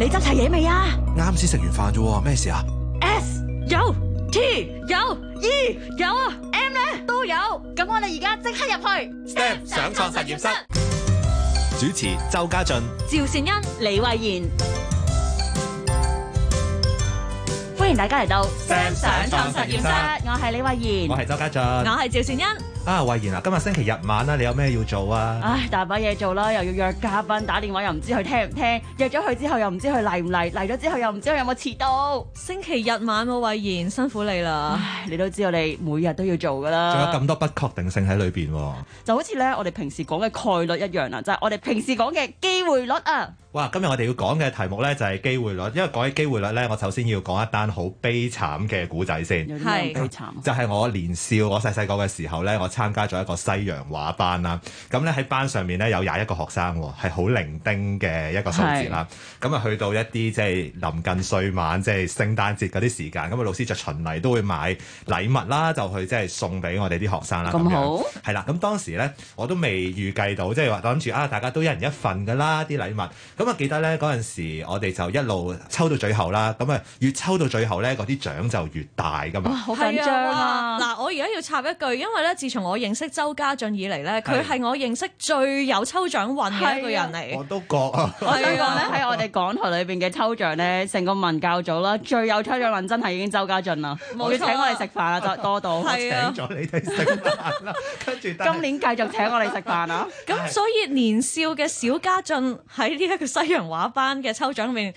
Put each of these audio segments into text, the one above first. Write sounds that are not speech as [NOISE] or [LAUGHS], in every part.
你執齊嘢未啊？啱先食完飯啫，咩事啊？S 有，T 有，E 有，M 咧都有，咁我哋而家即刻入去。STEM 想創實驗室。主持：周家俊、趙善恩、李慧嫻。歡迎大家嚟到 STEM 想創實驗室。我係李慧嫻，我係周家俊，我係趙善恩。啊，慧賢啊，今日星期日晚啦，啊，你有咩要做啊？唉，大把嘢做啦，又要約嘉賓，打電話又唔知佢聽唔聽，約咗佢之後又唔知佢嚟唔嚟，嚟咗之後又唔知佢有冇遲到。星期日晚喎，啊，慧賢辛苦你啦，唉，你都知道你每日都要做噶啦，仲有咁多不確定性喺裏邊。就好似咧，我哋平時講嘅概率一樣啦，啊，就係、是、我哋平時講嘅機會率啊。哇！今日我哋要講嘅題目呢，就係機會率，因為講起機會率呢，我首先要講一單好悲慘嘅古仔先，是就係我年少我細細個嘅時候呢，我參加咗一個西洋畫班啦。咁呢，喺班上面呢，有廿一個學生，係好零丁嘅一個數字啦。咁啊是去到一啲即係臨近歲晚，即係聖誕節嗰啲時間，咁啊老師就循例都會買禮物啦，就去即係送俾我哋啲學生啦。咁好，係啦。咁當時呢，我都未預計到，即係話諗住啊，大家都一人一份㗎啦啲禮物。咁咁記得咧，嗰陣時我哋就一路抽到最後啦。咁啊，越抽到最後咧，嗰啲獎就越大噶嘛。好緊張啊！嗱、啊，我而家要插一句，因為咧，自從我認識周家俊以嚟咧，佢係我認識最有抽獎運嘅一個人嚟。我都覺啊，我都覺咧喺我哋港台裏邊嘅抽獎咧，成個文教組啦，最有抽獎運真係已經周家俊啦。冇錯、啊。要請我哋食飯啦、啊， [LAUGHS] 多到、啊、我請咗你哋食飯、啊。跟住 [LAUGHS] 今年繼續請我哋食飯啊！咁 [LAUGHS] 所以年少嘅小家俊喺呢一個西洋畫班嘅抽獎裏面。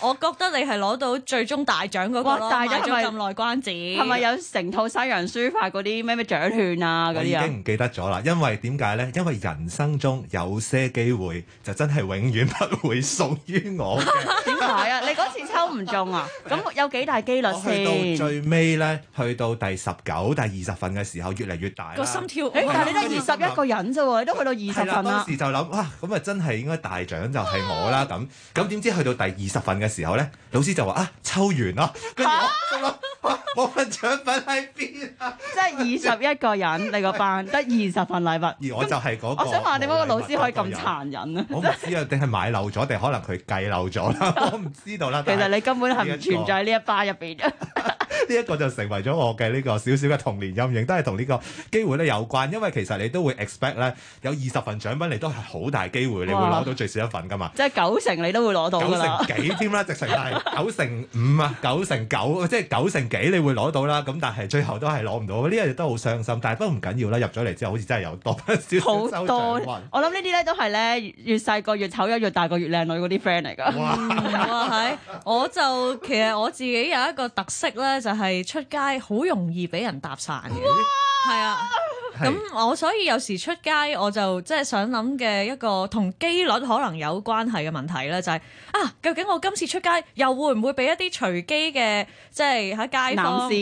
我覺得你係攞到最終大獎嗰個，大家仲咗咁耐關子，係咪有成套西洋書法嗰啲咩咩獎券啊？嗰啲已經唔記得咗啦，因為點解咧？因為人生中有些機會就真係永遠不會屬於我。點解啊？ [LAUGHS] 你嗰次抽唔中啊？咁有幾大機率先？去到最尾咧，去到第十九、第二十份嘅時候，越嚟越大啦。個心跳、欸，但係你得二十一個人啫喎，你都去到二十份啦。嗰、啊、時就諗哇，咁啊真係應該大獎就係我啦咁，咁點知去到第二十份嘅時候咧，老師就話啊，抽完咯，跟住我份獎品喺邊啊？啊即係二十一個人，你個班得二十份禮物，而我就係嗰樣我想問點解個老師可以咁殘忍啊？ [LAUGHS] 我唔知啊，定係買漏咗，定可能佢計漏咗啦？ [LAUGHS] 我唔知道啦。其實你根本係唔存在呢一班入邊。 [LAUGHS] 呢一個就成為咗我嘅呢個小小嘅童年陰影，都係同呢個機會咧有關。因為其實你都會 expect 咧，有二十份獎品，你都係好大機會，你會攞到最少一份噶嘛。哦、即係九成你都會攞到，九成幾添啦？直情係九成五啊， [LAUGHS] 九成九，即係九成幾你會攞到啦。咁但係最後都係攞唔到，呢樣都好傷心。但係不過唔緊要啦，入咗嚟之後好似真係有多少收好多，我諗呢啲咧都係咧越細個越醜樣，越大個越靚女嗰啲 friend 嚟噶。哇，係，我就其實我自己有一個特色咧。就係出街好容易俾人搭訕嘅，係啊哇。咁我所以有時出街我就即係想諗嘅一個同機率可能有關係嘅問題咧，就係啊究竟我今次出街又會唔會俾一啲隨機嘅即係喺街坊，男士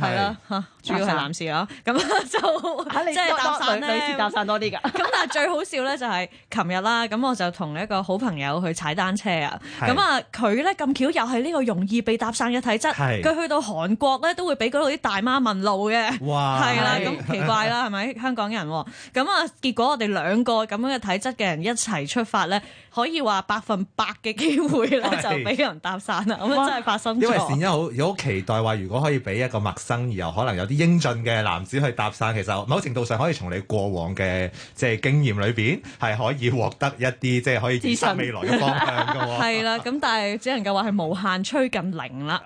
係啦嚇，主要係男士啦，咁就即係搭訕女士搭訕多啲㗎。咁但係最好笑咧就係琴日啦，咁我就同一個好朋友去踩單車啊，咁啊佢咧咁巧又係呢個容易被搭訕嘅體質，佢去到韓國咧都會俾嗰度啲大媽問路嘅，哇，係啦咁奇怪啦係咪？喺香港人喎，咁啊，結果我哋兩個咁樣嘅體質嘅人一齊出發咧，可以話百分百嘅機會咧，就俾人搭訕啊！咁啊，真係發生咗。因為善欣好有好期待話，如果可以俾一個陌生而又可能有啲英俊嘅男子去搭訕，其實某程度上可以從你過往嘅即係經驗裏邊，係可以獲得一啲即係可以預測未來嘅方向嘅喎。係啦，咁但係只能夠話係無限趨近零啦。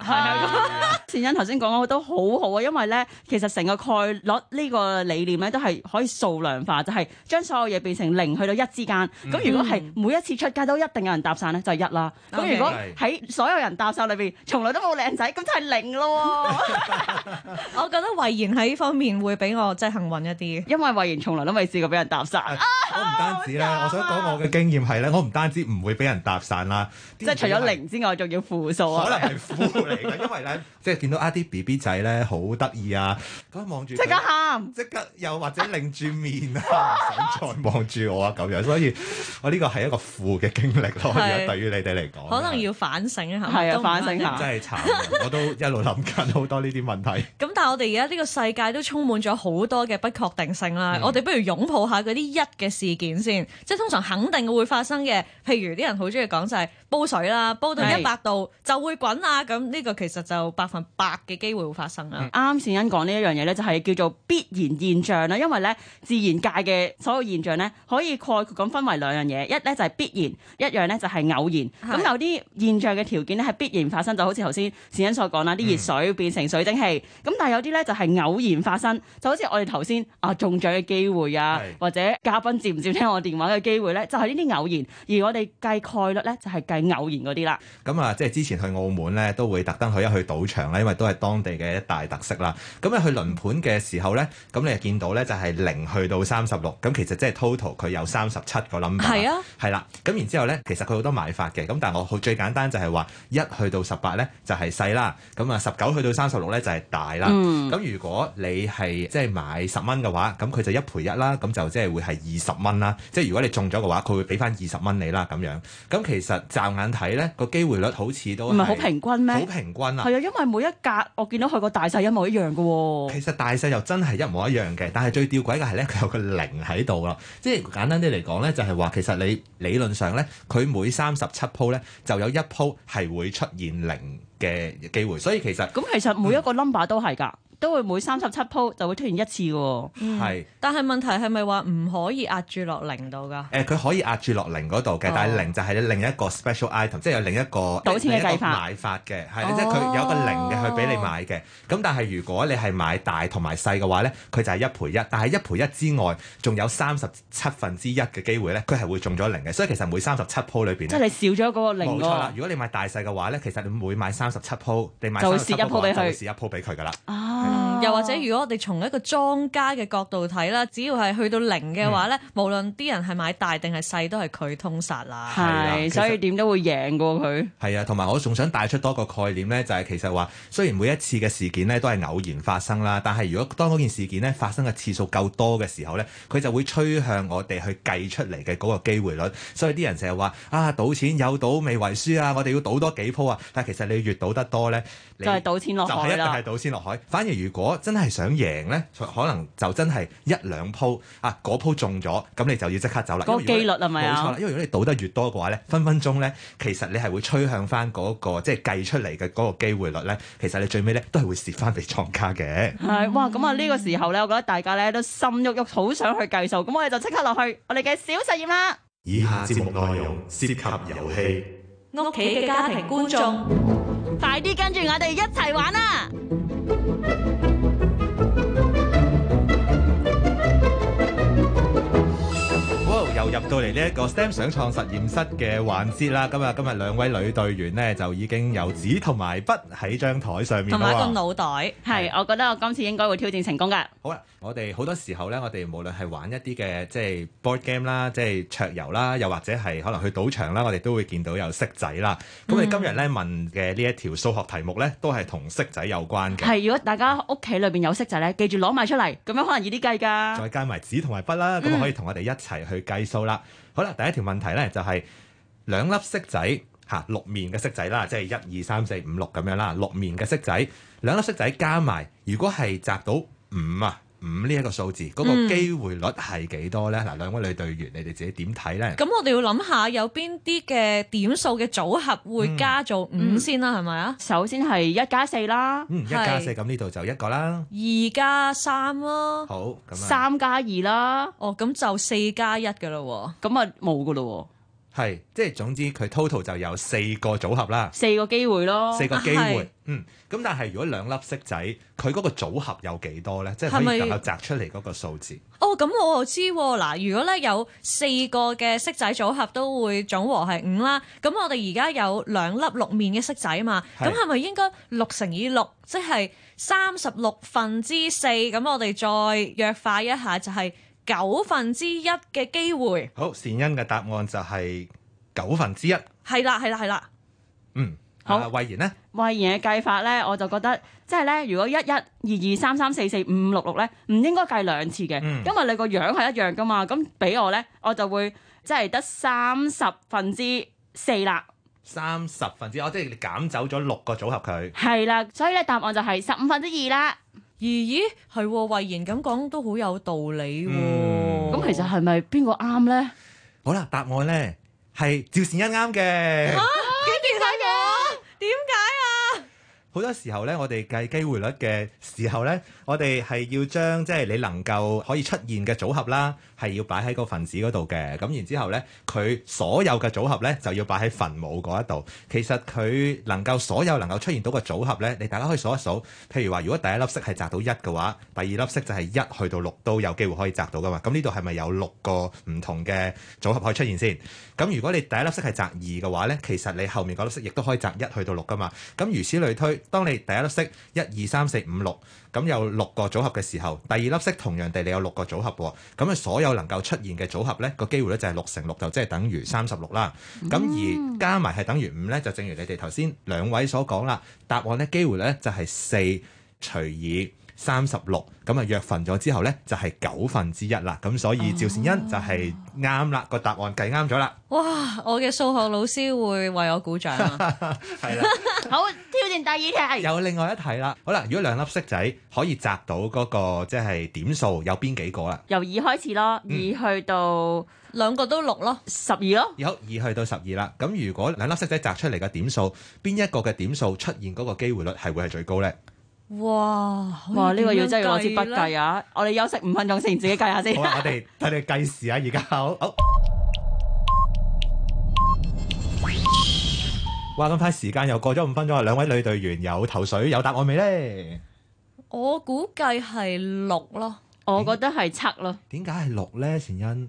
善欣頭先講我覺得好好啊，因為咧，其實成個概率呢個理念。都係可以數量化，就係將所有嘢變成零去到一之間。咁如果係每一次出街都一定有人搭訕咧，就係一啦。咁如果喺所有人搭訕裏邊，從來都冇靚仔，咁就係零咯。我覺得慧賢喺呢方面會比我即係幸運一啲，因為慧賢從來都未試過俾人搭訕。我唔單止咧，我想講我嘅經驗係咧，我唔單止唔會俾人搭訕啦。即係除咗零之外，仲要負數啊？可能係負嚟嘅，因為咧，即係見到啱啲 B B 仔咧，好得意啊！咁望住即刻喊，即刻或者擰住面啊，想再望住我啊咁樣，所以我呢個係一個負嘅經歷咯。是對於你哋嚟講，可能要反省一下，係啊吧，反省下真係慘， [LAUGHS] 我都一路諗緊好多呢啲問題。咁但係我哋而家呢個世界都充滿咗好多嘅不確定性啦，嗯、我哋不如擁抱下嗰啲一嘅事件先，即係通常肯定會發生嘅，譬如啲人好中意講晒。煲水啦，煲到一百度就會滾啊！咁呢的個其實就百分百嘅機會會發生啦。啱的，剛剛善欣講呢一樣嘢呢就係叫做必然現象啦。因為呢，自然界嘅所有現象呢，可以概括咁分為兩樣嘢，一呢就係必然，一樣呢就係偶然。咁的有啲現象嘅條件呢，係必然發生，就好似頭先善欣所講啦，啲熱水變成水蒸氣。咁、mm. 但係有啲呢，就係偶然發生，就好似我哋頭先啊中獎嘅機會啊，的或者嘉賓接唔接聽我電話嘅機會呢，就係呢啲偶然。而我哋計概率呢，就係計。偶然嗰啲啦，咁啊，即係之前去澳門咧，都會特登去一去賭場咧，因為都係當地嘅一大特色啦。咁咧去輪盤嘅時候咧，咁你就見到咧就係零去到三十六，咁其實即係 total 佢有三十七個 number。係啊，係啦。咁然之後咧，其實佢好多買法嘅，咁但係我最簡單就係話一去到十八咧就係、是、細啦，咁啊十九去到三十六咧就係、是、大啦。咁、嗯、如果你係即係買十蚊嘅話，咁佢就一賠一啦，咁就即係會係二十蚊啦。即係如果你中咗嘅話，佢會俾翻二十蚊你啦，咁樣。咁其實賺。眼睇咧，個機會率好似都唔係好平均咩？好平均啊！係啊，因為每一格我見到佢個大細一,一模一樣嘅喎。其實大細又真係一模一樣嘅，但係最吊詭嘅係咧，佢有個零喺度咯。即係簡單啲嚟講咧，就係、是、話其實你理論上咧，佢每三十七鋪咧就有一鋪係會出現零嘅機會，所以其實咁、嗯、其實每一個 number 都係㗎。都會每三十七鋪就會出現一次嘅、哦、喎。嗯、是但係問題係咪話唔可以壓住落零度㗎？誒、呃，佢可以壓住落零嗰度嘅，哦、但係零就係你另一個 special item，、哦、即係有另一個、哎、另一個買法嘅，係、哦、即係佢有一個零嘅去俾你買嘅。咁但係如果你係買大同埋細嘅話咧，佢就係一賠一。但係一賠一之外，仲有三十七分之一嘅機會咧，佢係會中咗零嘅。所以其實每三十七鋪裏邊，即係你少咗嗰個零。冇錯啦，如果你買大細嘅話咧，其實你每買三十七鋪，你買就蝕一鋪俾佢，就蝕一鋪俾佢㗎啦。啊。嗯、又或者如果我哋從一個莊家嘅角度睇啦，只要係去到零嘅話咧，嗯、無論啲人係買大定係細都係佢通殺啦，係、啊，實所以點都會贏過佢。係啊，同埋、啊、我仲想帶出多個概念咧，就係、是、其實話，雖然每一次嘅事件咧都係偶然發生啦，但係如果當嗰件事件咧發生嘅次數夠多嘅時候咧，佢就會趨向我哋去計出嚟嘅嗰個機會率。所以啲人成日話啊，賭錢有賭未為輸啊，我哋要賭多幾鋪啊，但係其實你越賭得多咧，你就係賭錢落海，就一定係賭錢落海，反而。如果真係想贏呢，可能就真係一兩鋪啊，嗰鋪中咗，咁你就要即刻走啦。嗰個機率係咪？冇錯啦，因為如果你賭得越多嘅話呢，分分鐘呢，其實你係會吹向翻、那、嗰個即係計出嚟嘅嗰個機會率呢，其實你最尾呢都係會蝕翻俾莊家嘅。係哇，咁啊呢個時候呢，我覺得大家呢都心喐喐，好想去計數。咁我哋就即刻落去我哋嘅小實驗啦。以下節目內容涉及遊戲，屋企嘅家庭觀眾，快啲跟住我哋一齊玩啦、啊！入到嚟呢一個 STEM 想創實驗室嘅環節啦，咁啊今日兩位女隊員呢，就已經有紙同埋筆喺張台上面同埋個腦袋，係是是我覺得我今次應該會挑戰成功嘅。好啦、啊，我哋好多時候呢，我哋無論係玩一啲嘅即係 board game 啦，即係桌遊啦，又或者係可能去賭場啦，我哋都會見到有色仔啦。咁、嗯、你今日呢問嘅呢一條數學題目呢，都係同色仔有關嘅。係，如果大家屋企裏邊有色仔呢，記住攞埋出嚟，咁樣可能易啲計㗎。再加埋紙同埋筆啦，咁可以同我哋一齊去計數。嗯好啦，好啦，第一條問題咧就係、是、兩粒骰仔吓、啊，六面嘅骰仔啦，即係一、二、三、四、五、六咁樣啦，六面嘅骰仔，兩粒骰仔加埋，如果係擲到五啊？五呢一個數字，嗰個機會率係幾多咧？嗱，兩位女隊員，你哋自己點睇咧？咁我哋要諗下有邊啲嘅點數嘅組合會加做五先啦，係咪啊？首先係一加四啦，嗯，一加四咁呢度就一個啦，二加三咯，啊、好，三加二啦，哦，咁就四加一㗎啦喎，咁啊冇㗎啦喎。係，即係總之佢 total 就有四個組合啦，四個機會咯，四個機會。啊、嗯，咁但係如果兩粒色仔，佢嗰個組合有幾多呢？是是即係能夠摘出嚟嗰個數字。哦，咁、嗯嗯、我知嗱，如果呢有四個嘅色仔組合都會總和係五啦，咁我哋而家有兩粒六面嘅色仔嘛，咁係咪應該六乘以六，即係三十六分之四？咁我哋再約化一下就係、是。九分之一嘅機會，好善恩嘅答案就係九分之一，係啦係啦係啦，啦啦嗯好，慧然、啊、呢？慧然嘅計法呢，我就覺得即係呢，如果一一二二三三四四五五六六呢，唔應該計兩次嘅，嗯、因為你個樣係一樣噶嘛，咁俾我呢，我就會即係得三十分之四啦，三十分之，我即係你減走咗六個組合佢，係啦，所以呢，答案就係十五分之二啦。咦咦，係、嗯，慧賢咁講都好有道理喎。咁其實係咪邊個啱咧？好啦，答案咧係趙善一啱嘅。點解嘅？點解啊？好、啊、多時候咧，我哋計機會率嘅時候咧，我哋係要將即係你能夠可以出現嘅組合啦。係要擺喺個分子嗰度嘅，咁然之後呢，佢所有嘅組合呢，就要擺喺分母嗰一度。其實佢能夠所有能夠出現到嘅組合呢，你大家可以數一數。譬如話，如果第一粒色係擲到一嘅話，第二粒色就係一去到六都有機會可以擲到㗎嘛。咁呢度係咪有六個唔同嘅組合可以出現先？咁如果你第一粒色係擲二嘅話呢，其實你後面嗰粒色亦都可以擲一去到六㗎嘛。咁如此類推，當你第一粒色一二三四五六。1, 2, 3, 4, 5, 6, 咁有六個組合嘅時候，第二粒色同樣地你有六個組合喎，咁啊所有能夠出現嘅組合呢個機會呢，就係六乘六就即係等於三十六啦。咁而加埋係等於五呢，就正如你哋頭先兩位所講啦，答案呢機會呢，就係四除以三十六咁啊，約分咗之後呢，就係九分之一啦。咁所以趙善恩就係啱啦，個答案計啱咗啦。哇！我嘅數學老師會為我鼓掌啊！係啦，好挑戰第二題，有另外一題啦。好啦，如果兩粒色仔可以擲到嗰個即係點數，有邊幾個啦？由二開始咯，二去到兩個都六咯，十二咯。好，二去到十二啦。咁如果兩粒色仔擲出嚟嘅點數，邊一個嘅點數出現嗰個機會率係會係最高呢？哇哇！呢、這個要真係要攞支筆計啊！ [NOISE] 我哋休息五分鐘先，自己計下先。 [LAUGHS] 我哋睇你計時啊！而家好，好。哇！咁快時間又過咗五分鐘啊！兩位女隊員有頭水有答案未咧？我估計係六咯，我覺得係七咯。點解係六咧？原因？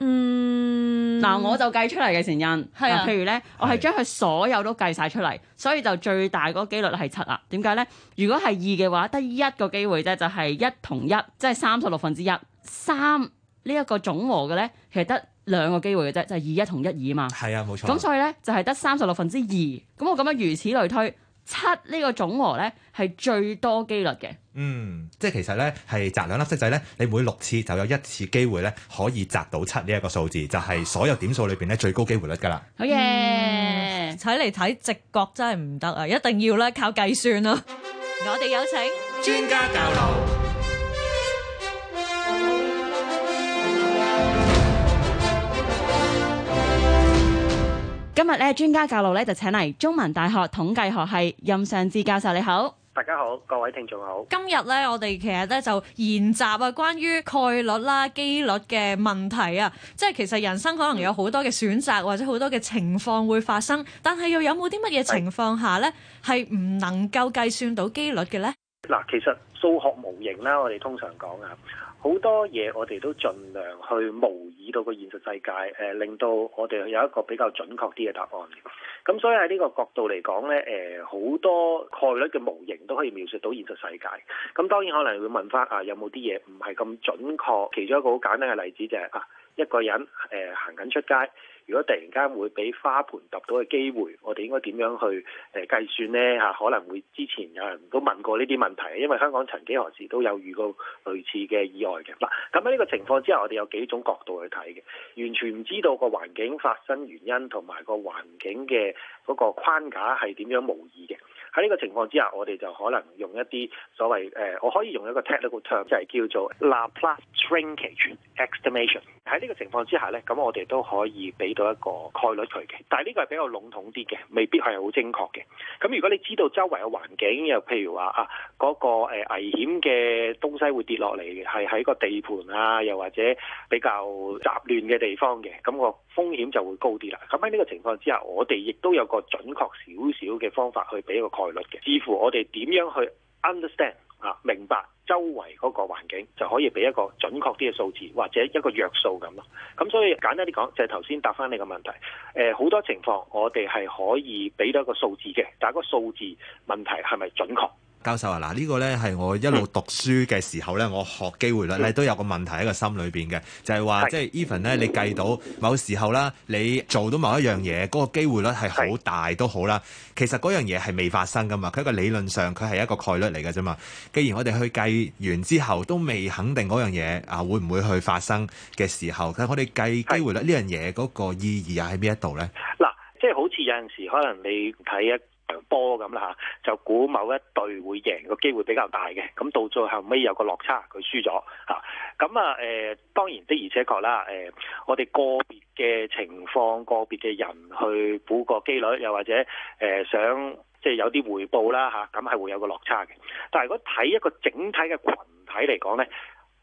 嗯，嗱，我就計出嚟嘅成因，嗱，譬如咧，我係將佢所有都計晒出嚟，所以就最大嗰個機率咧係七啦。點解咧？如果係二嘅話，得一個機會啫，就係一同一，即係三十六分之一。三呢一個總和嘅咧，其實得兩個機會嘅啫，就係二一同一二啊嘛。係啊，冇錯。咁所以咧，就係得三十六分之二。咁我咁樣如此類推。七呢個總和呢係最多機率嘅。嗯，即係其實呢係擲兩粒骰仔呢，你每六次就有一次機會呢可以擲到七呢一個數字，就係所有點數裏邊呢最高機會率㗎啦。好嘢！睇嚟睇直覺真係唔得啊，一定要咧靠計算囉。 [LAUGHS] 我哋有請專家教路。今日咧，專家教路咧就請嚟中文大學統計學系任尚智教授。你好。大家好，各位聽眾好。今日咧，我哋其實咧就研習啊，關於概率啦、機率嘅問題啊，即係其實人生可能有好多嘅選擇，或者好多嘅情況會發生，但係又有冇啲乜嘢情況下咧係唔能夠計算到機率嘅咧？嗱，其實數學模型啦，我哋通常講啊。好多嘢我哋都盡量去模擬到個現實世界，誒、呃、令到我哋有一個比較準確啲嘅答案。咁所以喺呢個角度嚟講呢，誒，好多概率嘅模型都可以描述到現實世界。咁當然可能會問返啊，有冇啲嘢唔係咁準確？其中一個好簡單嘅例子就係、是、啊，一個人誒，行緊出街。如果突然間會俾花盆揼到嘅機會，我哋應該點樣去誒計算呢？嚇，可能會之前有人都問過呢啲問題，因為香港曾幾何時都有遇過類似嘅意外嘅。嗱，咁喺呢個情況之下，我哋有幾種角度去睇嘅，完全唔知道個環境發生原因同埋個環境嘅嗰個框架係點樣模擬嘅。喺呢個情況之下，我哋就可能用一啲所謂誒、呃，我可以用一個 technical term，就係叫做 Laplace shrinkage estimation。喺呢個情況之下咧，咁我哋都可以俾到一個概率佢嘅。但係呢個係比較籠統啲嘅，未必係好精確嘅。咁如果你知道周圍嘅環境，又譬如話啊嗰、那個危險嘅東西會跌落嚟，係喺個地盤啊，又或者比較雜亂嘅地方嘅，咁我，風險就會高啲啦。咁喺呢個情況之下，我哋亦都有個準確少少嘅方法去俾個概率嘅。至乎我哋點樣去 understand 啊，明白周圍嗰個環境，就可以俾一個準確啲嘅數字，或者一個約數咁咯。咁所以簡單啲講，就係頭先答翻你個問題。誒、呃，好多情況我哋係可以俾到一個數字嘅，但係個數字問題係咪準確？教授啊，嗱、這、呢個咧係我一路讀書嘅時候咧，嗯、我學機會率咧都有個問題喺個心裏邊嘅，就係、是、話，是即係 even 咧，你計到某時候啦，你做到某一樣嘢嗰個機會率係好大都好啦，是其實嗰樣嘢係未發生噶嘛，佢一個理論上佢係一個概率嚟嘅啫嘛。既然我哋去計完之後都未肯定嗰樣嘢啊會唔會去發生嘅時候，佢我哋計機會率呢樣嘢嗰個意義又喺邊一度咧？嗱，即係好似有陣時可能你睇一。波咁啦嚇，就估某一隊會贏個機會比較大嘅，咁到最後尾有個落差，佢輸咗嚇。咁啊誒、啊呃，當然的而且確啦，誒、啊，我哋個別嘅情況、個別嘅人去估個機率，又或者誒、呃、想即係、就是、有啲回報啦嚇，咁、啊、係、啊啊、會有個落差嘅。但係如果睇一個整體嘅群體嚟講咧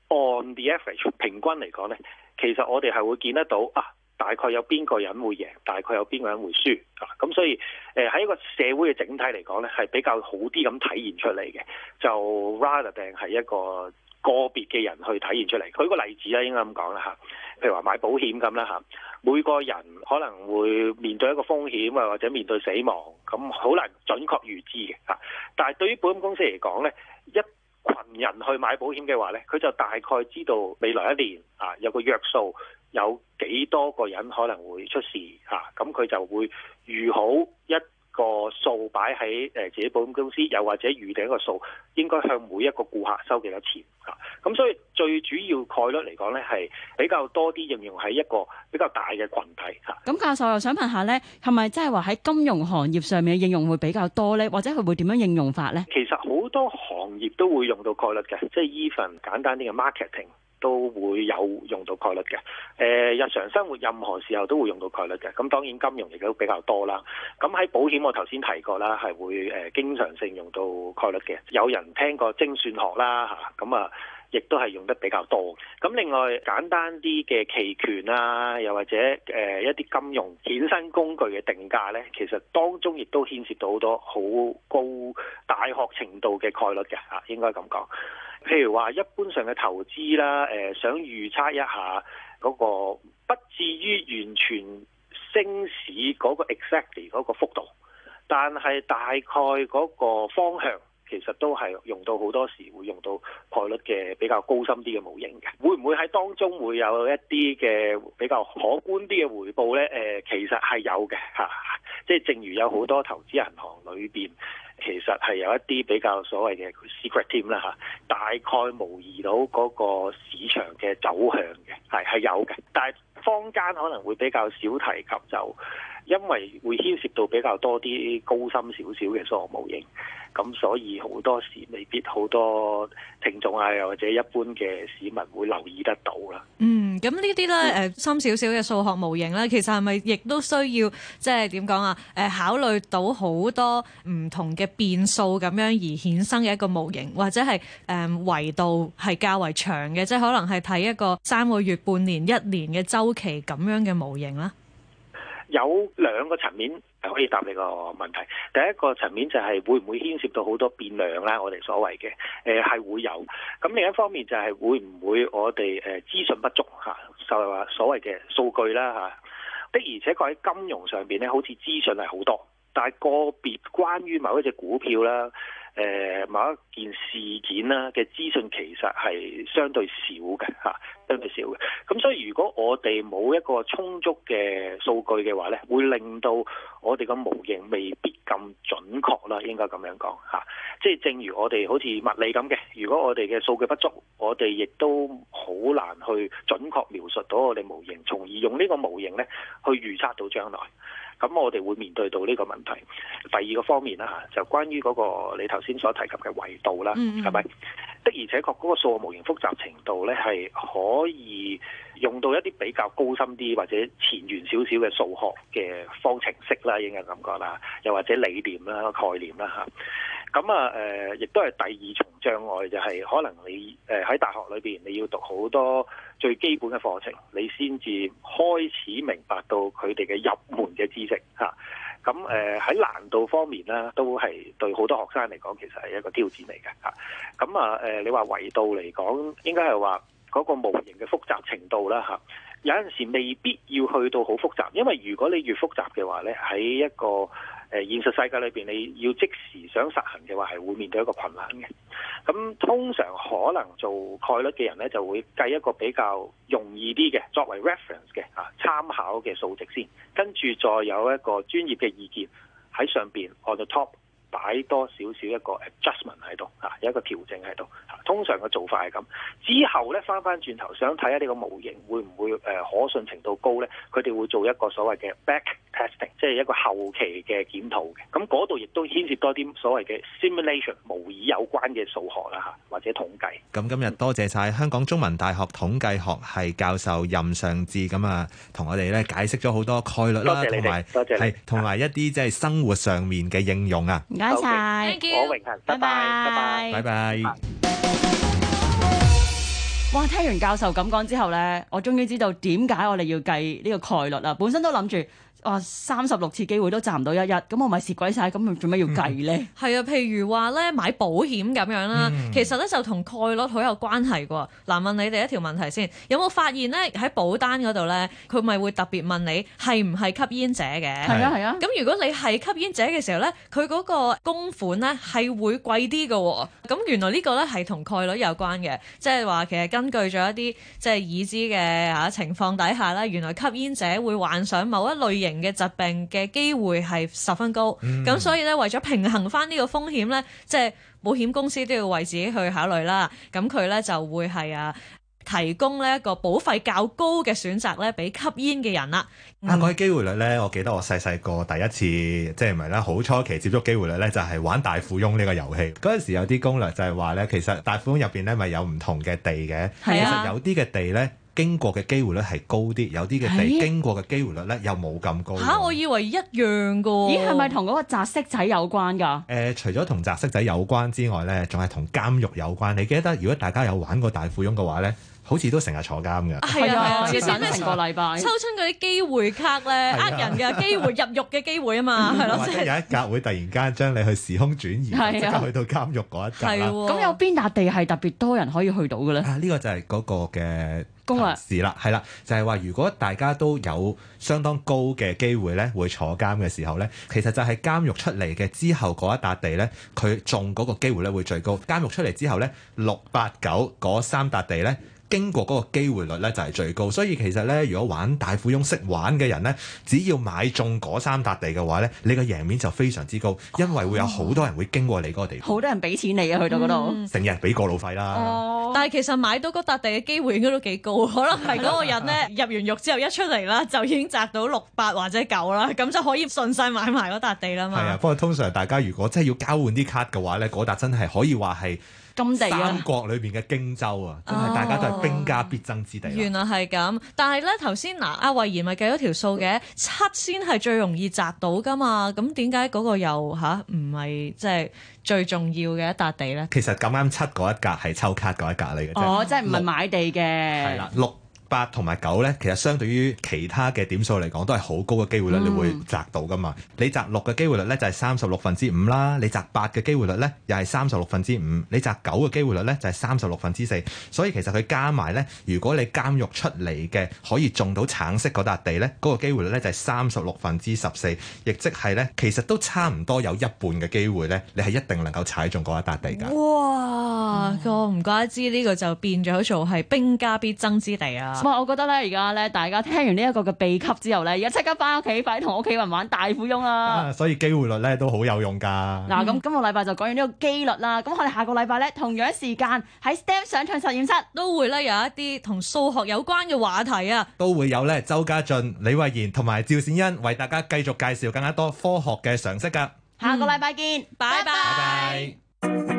，on the average 平均嚟講咧，其實我哋係會見得到啊。大概有邊個人會贏，大概有邊個人會輸啊！咁所以，誒、呃、喺一個社會嘅整體嚟講咧，係比較好啲咁體現出嚟嘅，就 rather 定係一個個別嘅人去體現出嚟。舉、這個例子啦，應該咁講啦嚇，譬如話買保險咁啦吓，每個人可能會面對一個風險啊，或者面對死亡，咁好難準確預知嘅嚇。但係對於保險公司嚟講咧，一群人去買保險嘅話咧，佢就大概知道未來一年啊有個約數。有幾多個人可能會出事嚇？咁、啊、佢就會預好一個數擺喺誒自己保險公司，又或者預定一個數，應該向每一個顧客收幾多錢嚇？咁、啊嗯、所以最主要概率嚟講呢係比較多啲應用喺一個比較大嘅群體嚇。咁、嗯、教授，我又想問下呢係咪即係話喺金融行業上面嘅應用會比較多呢？或者佢會點樣應用法呢？其實好多行業都會用到概率嘅，即係 even 簡單啲嘅 marketing。都會有用到概率嘅。誒、呃，日常生活任何時候都會用到概率嘅，咁、嗯、當然金融亦都比較多啦，咁、嗯、喺保險，我頭先提過啦，係會誒、呃、經常性用到概率嘅，有人聽過精算學啦吓？咁啊。嗯啊亦都係用得比較多，咁另外簡單啲嘅期權啊，又或者誒、呃、一啲金融衍生工具嘅定價呢，其實當中亦都牽涉到好多好高大學程度嘅概率嘅嚇，應該咁講。譬如話一般上嘅投資啦，誒、呃、想預測一下嗰個不至於完全升市嗰個 exactly 嗰個幅度，但係大概嗰個方向。其實都係用到好多時會用到概率嘅比較高深啲嘅模型嘅，會唔會喺當中會有一啲嘅比較可觀啲嘅回報呢？誒，其實係有嘅嚇，即、啊、係、就係、正如有好多投資銀行裏邊，其實係有一啲比較所謂嘅 secret team 啦、啊、嚇，大概模擬到嗰個市場嘅走向嘅，係係有嘅，但係坊間可能會比較少提及就。因為會牽涉到比較多啲高深少少嘅數學模型，咁所以好多時未必好多聽眾啊，又或者一般嘅市民會留意得到啦。嗯，咁呢啲咧，誒、呃、深少少嘅數學模型咧，其實係咪亦都需要即係點講啊？誒、呃，考慮到好多唔同嘅變數咁樣而衍生嘅一個模型，或者係誒維度係較為長嘅，即係可能係睇一個三個月、半年、一年嘅周期咁樣嘅模型啦。有兩個層面可以答你個問題。第一個層面就係會唔會牽涉到好多變量啦、啊，我哋所謂嘅，誒、呃、係會有。咁另一方面就係會唔會我哋誒、呃、資訊不足嚇、啊，就係話所謂嘅數據啦、啊、嚇、啊。的而且確喺金融上邊咧，好似資訊係好多，但係個別關於某一隻股票啦、啊。誒、呃、某一件事件啦嘅資訊其實係相對少嘅嚇、啊，相對少嘅。咁所以如果我哋冇一個充足嘅數據嘅話呢，會令到我哋個模型未必咁準確啦，應該咁樣講嚇、啊。即係正如我哋好似物理咁嘅，如果我哋嘅數據不足，我哋亦都好難去準確描述到我哋模型，從而用呢個模型呢去預測到將來。咁我哋會面對到呢個問題。第二個方面啦嚇，就關於嗰個你頭先所提及嘅維度啦，係咪、mm hmm. 的而且確嗰個數學模型複雜程度咧，係可以用到一啲比較高深啲或者前沿少少嘅數學嘅方程式啦，應該嘅感覺啦，又或者理念啦、概念啦嚇。咁啊誒，亦都係第二重障礙，就係可能你誒喺大學裏邊你要讀好多，最基本嘅課程，你先至開始明白到佢哋嘅入門嘅知識嚇。咁誒喺難度方面咧，都係對好多學生嚟講，其實係一個挑戰嚟嘅嚇。咁啊誒、呃，你話維度嚟講，應該係話嗰個模型嘅複雜程度啦嚇、啊。有陣時未必要去到好複雜，因為如果你越複雜嘅話咧，喺一個誒現實世界裏邊，你要即時想實行嘅話，係會面對一個困難嘅。咁通常可能做概率嘅人咧，就會計一個比較容易啲嘅作為 reference 嘅啊參考嘅數值先，跟住再有一個專業嘅意見喺上邊，按照 top 擺多少少一個 adjustment 喺度嚇，有、啊、一個調整喺度嚇。通常嘅做法係咁，之後咧返返轉頭想睇下呢個模型會唔會誒、呃、可信程度高咧？佢哋會做一個所謂嘅 back。testing 即係一個後期嘅檢討嘅，咁嗰度亦都牽涉多啲所謂嘅 simulation 模擬有關嘅數學啦吓，或者統計。咁今日多謝晒香港中文大學統計學系教授任尚智，咁啊同我哋咧解釋咗好多概率啦，同埋多謝係同埋一啲即係生活上面嘅應用啊。唔該晒，我榮幸，拜拜，拜拜。哇！聽完教授咁講之後咧，我終於知道點解我哋要計呢個概率啦。本身都諗住。三十六次機會都賺唔到一日，咁我咪蝕鬼曬，咁咪做咩要計呢？係啊，譬如話咧買保險咁樣啦，其實咧就同概率好有關係嘅。嗱，問你哋一條問題先，有冇發現呢？喺保單嗰度呢，佢咪會特別問你係唔係吸煙者嘅？係啊係啊。咁、啊、 [NOISE] [NOISE] 如果你係吸煙者嘅時候呢，佢嗰個供款呢係會貴啲嘅。咁原來呢個呢係同概率有關嘅，即係話其實根據咗一啲即係已知嘅啊情況底下呢，原來吸煙者會幻想某一類型。嘅疾病嘅機會係十分高，咁、嗯、所以咧為咗平衡翻呢個風險咧，即係保險公司都要為自己去考慮啦。咁佢咧就會係啊提供呢一個保費較高嘅選擇咧，俾吸煙嘅人啦。嗯、啊，嗰、那、啲、個、機會率咧，我記得我細細個第一次即係唔係咧，好初期接觸機會率咧，就係、是、玩大富翁呢個遊戲。嗰陣時有啲攻略就係話咧，其實大富翁入邊咧咪有唔同嘅地嘅，啊、其實有啲嘅地咧，經過嘅機會率係高啲，有啲嘅地經過嘅機會率咧又冇咁高。吓、啊，我以為一樣㗎。咦，係咪同嗰個擲色仔有關㗎？誒、呃，除咗同擲色仔有關之外呢，仲係同監獄有關。你記得，如果大家有玩過大富翁嘅話呢？好似都成日坐監嘅，係啊！之前成個禮拜抽出嗰啲機會卡咧，呃、啊、人嘅機會入獄嘅機會啊嘛，係咯，即係有一格會突然間將你去時空轉移，即刻、啊、去到監獄嗰一格。係喎、啊，咁、啊、有邊笪地係特別多人可以去到嘅咧？呢、啊這個就係嗰個嘅公式啦，係啦雷、嗯啊，就係、是、話如果大家都有相當高嘅機會咧，會坐監嘅時候咧，其實就係監獄出嚟嘅之後嗰一笪地咧，佢中嗰個機會咧會最高。監獄出嚟之後咧，六八九嗰三笪地咧。經過嗰個機會率呢就係、是、最高，所以其實呢，如果玩大富翁識玩嘅人呢，只要買中嗰三笪地嘅話呢，你嘅贏面就非常之高，因為會有好多人會經過你嗰個地方，好唉多人俾錢你啊，去到嗰度，成日俾過路費啦。哦、但係其實買到嗰笪地嘅機會應該都幾高，可能係嗰個人呢 [LAUGHS] 入完獄之後一出嚟啦，就已經擲到六百或者九啦，咁就可以順勢買埋嗰笪地啦嘛。係啊，不過通常大家如果真係要交換啲卡嘅話呢，嗰笪真係可以話係。金地啊！三國裏邊嘅荊州啊，真係大家都係兵家必爭之地、哦。原來係咁，但係咧頭先嗱，阿、啊、慧賢咪計咗條數嘅，七先係最容易擲到㗎嘛，咁點解嗰個又吓，唔、啊、係即係最重要嘅一笪地咧？其實咁啱七嗰一格係抽卡嗰一格嚟嘅，啫。哦，即係唔係買地嘅。係啦，六。八同埋九呢，其實相對於其他嘅點數嚟講，都係好高嘅機會率，你會擲到㗎嘛？嗯、你擲六嘅機會率呢，就係、是、三十六分之五啦，你擲八嘅機會率呢，又係三十六分之五，你擲九嘅機會率呢，就係、是、三十六分之四。所以其實佢加埋呢，如果你監獄出嚟嘅可以中到橙色嗰笪地呢，嗰、那個機會率呢，就係三十六分之十四，亦即係呢，其實都差唔多有一半嘅機會呢，你係一定能夠踩中嗰一笪地㗎。哇！個唔怪得之，呢個就變咗做係兵家必爭之地啊！我覺得咧，而家咧，大家聽完呢一個嘅秘笈之後咧，而家即刻翻屋企快啲同屋企人玩大富翁啦，啊啊！所以機會率咧都好有用㗎。嗱、嗯，咁今個禮拜就講完呢個機率啦。咁我哋下個禮拜咧，同樣時間喺 STEM 上場實驗室都會咧有一啲同數學有關嘅話題啊。都會有咧，周家俊、李慧妍同埋趙善欣為大家繼續介紹更加多科學嘅常識㗎。嗯、下個禮拜見，拜拜。